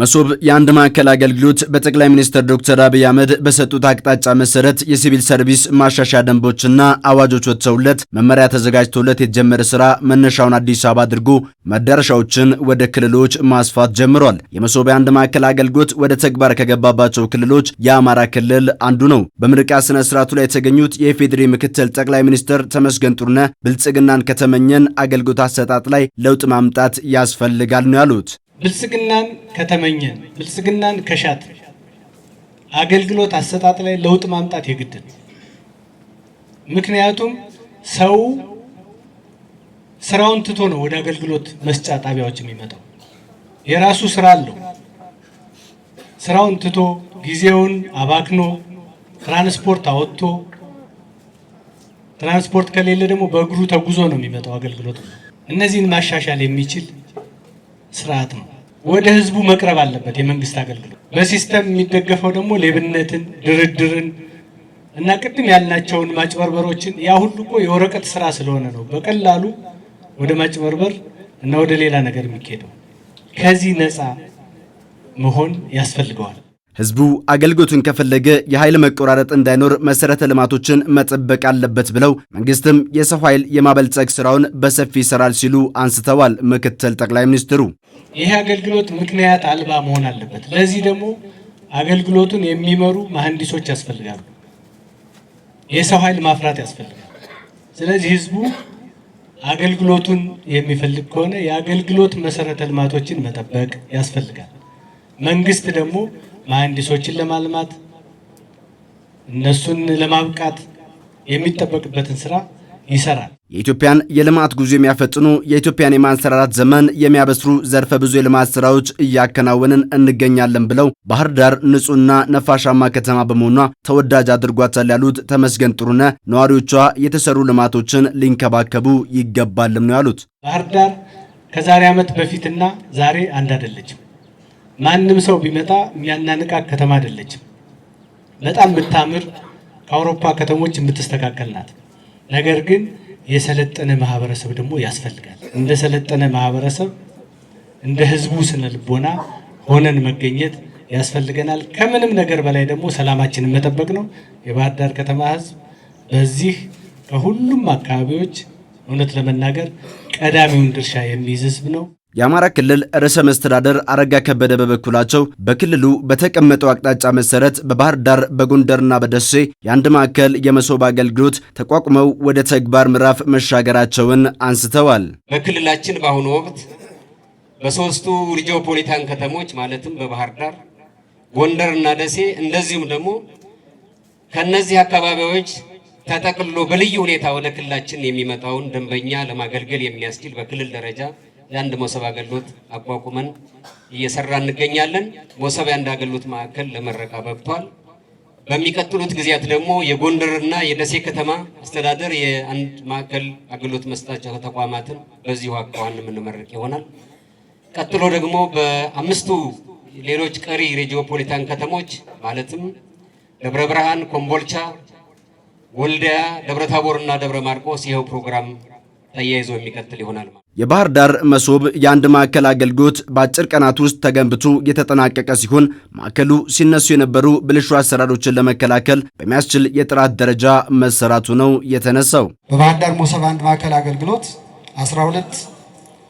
መሶብ የአንድ ማዕከል አገልግሎት በጠቅላይ ሚኒስትር ዶክተር አብይ አህመድ በሰጡት አቅጣጫ መሰረት የሲቪል ሰርቪስ ማሻሻያ ደንቦችና አዋጆች ወጥተውለት መመሪያ ተዘጋጅቶለት የተጀመረ ስራ መነሻውን አዲስ አበባ አድርጎ መዳረሻዎችን ወደ ክልሎች ማስፋት ጀምሯል። የመሶብ የአንድ ማዕከል አገልግሎት ወደ ተግባር ከገባባቸው ክልሎች የአማራ ክልል አንዱ ነው። በምርቃ ስነ ስርዓቱ ላይ የተገኙት የኢፌዴሪ ምክትል ጠቅላይ ሚኒስትር ተመስገን ጥሩነህ ብልጽግናን ከተመኘን አገልግሎት አሰጣጥ ላይ ለውጥ ማምጣት ያስፈልጋል ነው ያሉት። ብልጽግናን ከተመኘን ብልጽግናን ከሻት አገልግሎት አሰጣጥ ላይ ለውጥ ማምጣት የግድን ምክንያቱም ሰው ስራውን ትቶ ነው ወደ አገልግሎት መስጫ ጣቢያዎች የሚመጣው። የራሱ ስራ አለው። ስራውን ትቶ ጊዜውን አባክኖ ትራንስፖርት አወጥቶ ትራንስፖርት ከሌለ ደግሞ በእግሩ ተጉዞ ነው የሚመጣው አገልግሎት። እነዚህን ማሻሻል የሚችል ስርዓት ነው። ወደ ህዝቡ መቅረብ አለበት። የመንግስት አገልግሎት በሲስተም የሚደገፈው ደግሞ ሌብነትን፣ ድርድርን እና ቅድም ያልናቸውን ማጭበርበሮችን ያ ሁሉ እኮ የወረቀት ስራ ስለሆነ ነው በቀላሉ ወደ ማጭበርበር እና ወደ ሌላ ነገር የሚካሄደው። ከዚህ ነፃ መሆን ያስፈልገዋል። ህዝቡ አገልግሎቱን ከፈለገ የኃይል መቆራረጥ እንዳይኖር መሰረተ ልማቶችን መጠበቅ አለበት ብለው መንግስትም የሰው ኃይል የማበልጸግ ስራውን በሰፊ ይሰራል ሲሉ አንስተዋል። ምክትል ጠቅላይ ሚኒስትሩ ይህ አገልግሎት ምክንያት አልባ መሆን አለበት። ለዚህ ደግሞ አገልግሎቱን የሚመሩ መሐንዲሶች ያስፈልጋሉ። የሰው ኃይል ማፍራት ያስፈልጋል። ስለዚህ ህዝቡ አገልግሎቱን የሚፈልግ ከሆነ የአገልግሎት መሰረተ ልማቶችን መጠበቅ ያስፈልጋል። መንግስት ደግሞ መሐንዲሶችን ለማልማት እነሱን ለማብቃት የሚጠበቅበትን ስራ ይሰራል። የኢትዮጵያን የልማት ጉዞ የሚያፈጥኑ የኢትዮጵያን የማንሰራራት ዘመን የሚያበስሩ ዘርፈ ብዙ የልማት ስራዎች እያከናወንን እንገኛለን ብለው ባህር ዳር ንጹህና ነፋሻማ ከተማ በመሆኗ ተወዳጅ አድርጓታል ያሉት ተመስገን ጥሩነ ነዋሪዎቿ የተሰሩ ልማቶችን ሊንከባከቡ ይገባልም ነው ያሉት። ባህር ዳር ከዛሬ ዓመት በፊትና ዛሬ አንድ አይደለችም። ማንም ሰው ቢመጣ የሚያናንቃት ከተማ አይደለችም። በጣም ምታምር ከአውሮፓ ከተሞች የምትስተካከል ናት። ነገር ግን የሰለጠነ ማህበረሰብ ደግሞ ያስፈልጋል። እንደ ሰለጠነ ማህበረሰብ እንደ ህዝቡ ስነ ልቦና ሆነን መገኘት ያስፈልገናል። ከምንም ነገር በላይ ደግሞ ሰላማችንን መጠበቅ ነው። የባህር ዳር ከተማ ህዝብ በዚህ ከሁሉም አካባቢዎች እውነት ለመናገር ቀዳሚውን ድርሻ የሚይዝ ህዝብ ነው። የአማራ ክልል ርዕሰ መስተዳደር አረጋ ከበደ በበኩላቸው በክልሉ በተቀመጠው አቅጣጫ መሰረት በባህር ዳር በጎንደርና በደሴ የአንድ ማዕከል የመሶብ አገልግሎት ተቋቁመው ወደ ተግባር ምዕራፍ መሻገራቸውን አንስተዋል። በክልላችን በአሁኑ ወቅት በሶስቱ ሪጂኦፖሊታን ከተሞች ማለትም በባህር ዳር፣ ጎንደርና ደሴ እንደዚሁም ደግሞ ከነዚህ አካባቢዎች ተጠቅልሎ በልዩ ሁኔታ ወደ ክልላችን የሚመጣውን ደንበኛ ለማገልገል የሚያስችል በክልል ደረጃ የአንድ መሶብ አገልግሎት አቋቁመን እየሰራ እንገኛለን። መሶብ የአንድ አገልግሎት ማዕከል ለመረቃ በቅቷል። በሚቀጥሉት ጊዜያት ደግሞ የጎንደርና የደሴ ከተማ አስተዳደር የአንድ ማዕከል አገልግሎት መስጣጫ ተቋማትን በዚሁ አካዋን የምንመርቅ ይሆናል። ቀጥሎ ደግሞ በአምስቱ ሌሎች ቀሪ ሬጂዮፖሊታን ከተሞች ማለትም ደብረ ብርሃን፣ ኮምቦልቻ፣ ወልዲያ፣ ደብረ ታቦርና ደብረ ማርቆስ ይኸው ፕሮግራም ተያይዞ የሚቀጥል ይሆናል። የባህር ዳር መሶብ የአንድ ማዕከል አገልግሎት በአጭር ቀናት ውስጥ ተገንብቶ የተጠናቀቀ ሲሆን ማዕከሉ ሲነሱ የነበሩ ብልሹ አሰራሮችን ለመከላከል በሚያስችል የጥራት ደረጃ መሰራቱ ነው የተነሳው። በባህር ዳር መሶብ አንድ ማዕከል አገልግሎት 12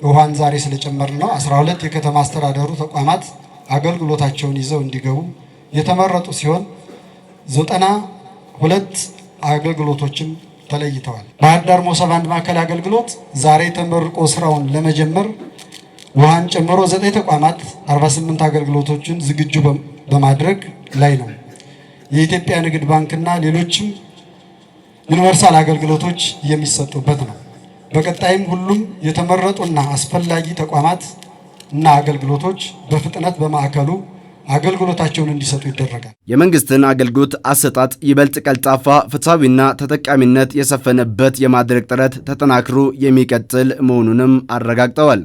ውሃን ዛሬ ስለጨመር ነው 12 የከተማ አስተዳደሩ ተቋማት አገልግሎታቸውን ይዘው እንዲገቡ የተመረጡ ሲሆን ዘጠና ሁለት አገልግሎቶችን ተለይተዋል። ባህር ዳር ሞሰብ አንድ ማዕከል አገልግሎት ዛሬ ተመርቆ ስራውን ለመጀመር ውሃን ጨምሮ ዘጠኝ ተቋማት 48 አገልግሎቶችን ዝግጁ በማድረግ ላይ ነው። የኢትዮጵያ ንግድ ባንክና ሌሎችም ዩኒቨርሳል አገልግሎቶች የሚሰጡበት ነው። በቀጣይም ሁሉም የተመረጡና አስፈላጊ ተቋማት እና አገልግሎቶች በፍጥነት በማዕከሉ አገልግሎታቸውን እንዲሰጡ ይደረጋል። የመንግስትን አገልግሎት አሰጣጥ ይበልጥ ቀልጣፋ፣ ፍትሐዊና ተጠቃሚነት የሰፈነበት የማድረግ ጥረት ተጠናክሮ የሚቀጥል መሆኑንም አረጋግጠዋል።